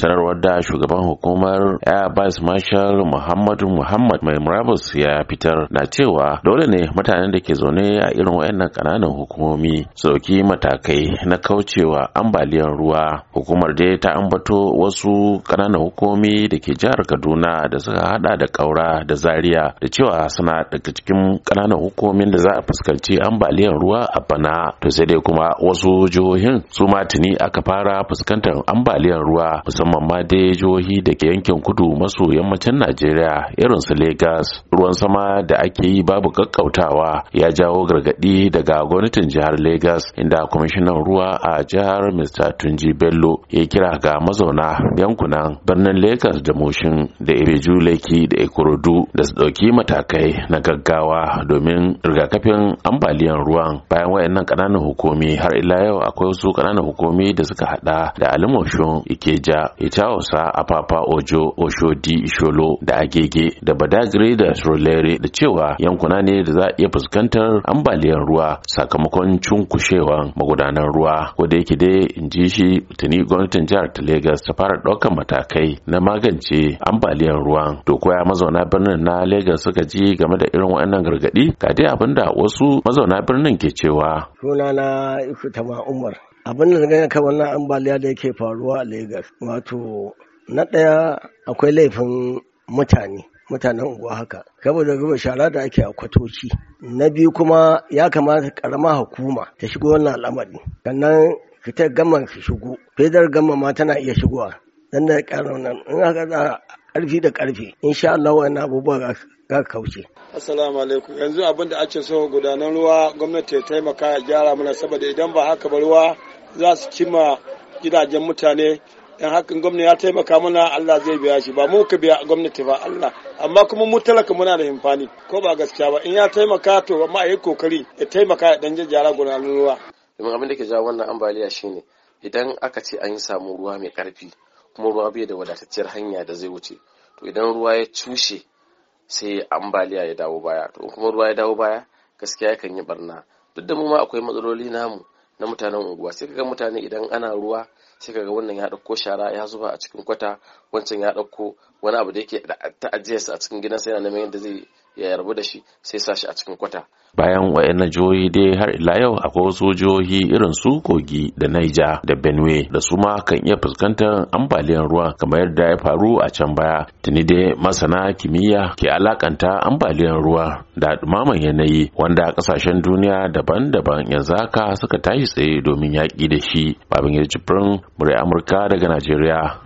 sanarwar da shugaban hukumar airbus marshal muhammadu muhammad mai murabus ya fitar na cewa dole ne mutanen da ke zaune a irin wayannan kananan hukumomi su dauki matakai na kaucewa ambaliyar ruwa hukumar dai ta ambato wasu kananan hukumomi da ke jihar kaduna da suka hada da kaura da zaria da cewa suna daga cikin kananan hukumomin da za a fuskanci ambaliyar ruwa a bana to sai dai kuma wasu jihohin su ma tuni aka fara fuskantar ambaliyar ruwa musamman musamman ma dai jihohi da ke yankin kudu maso yammacin najeriya irin su Legas. ruwan sama da ake yi babu kakkautawa ya jawo gargadi daga gwamnatin jihar Legas, inda kwamishinan ruwa a jihar mr tunji bello ya kira ga mazauna yankunan birnin Legas da moshin da ibeju leki da ikorodu da su dauki matakai na gaggawa domin rigakafin ambaliyan ruwan bayan wayannan ƙananan hukumi har ila yau akwai wasu ƙananan hukumi da suka hada da alimoshun ikeja a Apapa Ojo Oshodi Isholo da Agege da badagre da Solere da cewa yankuna ne da za a iya fuskantar ambaliyar ruwa sakamakon cunkushewan magudanan ruwa ko da yake dai in ji shi tuni gwamnatin jihar ta Legas ta fara ɗaukar matakai na magance ambaliyar ruwa. to koya mazauna birnin na Legas suka ji game da irin wannan gargaɗi ga dai da wasu mazauna birnin ke cewa sunana Ifitama Umar abin da gani kan wannan ambaliya da yake faruwa a Legas wato na ɗaya akwai laifin mutane mutanen unguwa haka saboda gaba shara da ake a kwatoci na biyu kuma ya kamata karama hukuma ta shigo wannan al'amari sannan fitar gama su shigo fedar gama ma tana iya shigowa dan da ƙarar nan in aka za ƙarfi da ƙarfi insha Allah wannan abubuwa ga kauce. Assalamu alaikum yanzu abin da ake so gudanar ruwa gwamnati ta taimaka ya gyara mana saboda idan ba haka ba ruwa za su cima gidajen mutane dan hakan gwamnati ya taimaka mana Allah zai biya shi ba mu ka biya gwamnati ba Allah amma kuma mu talaka muna da himfani ko ba gaskiya ba in ya taimaka to amma ayi kokari ya taimaka ya dan jajjara gona ruwa domin abin da ke jawo wannan ambaliya shine idan aka ce an samu ruwa mai karfi kuma ruwa bai da wadatacciyar hanya da zai wuce to idan ruwa ya cushe sai ambaliya ya dawo baya to kuma ruwa ya dawo baya gaskiya yakan yi barna duk da mu ma akwai matsaloli namu na mutanen unguwa sai kaga mutane idan ana ruwa sai kaga wannan ya dauko shara ya zuba a cikin kwata wancan ya ɗauko wani abu da yake da ta'ajiyarsa a cikin gidansa yana neman yadda zai ya yarbu da shi sai sa a cikin kwata bayan wayannan jihohi dai har ila yau akwai wasu jihohi irin su kogi da naija da benue da su ma kan iya fuskantar ambaliyar ruwa kamar yadda ya faru a can baya tuni dai masana kimiyya ke alakanta ambaliyar ruwa da dumaman yanayi wanda kasashen duniya daban-daban yanzu haka suka tashi tsaye domin yaƙi da shi babin ya jibrin murai amurka daga najeriya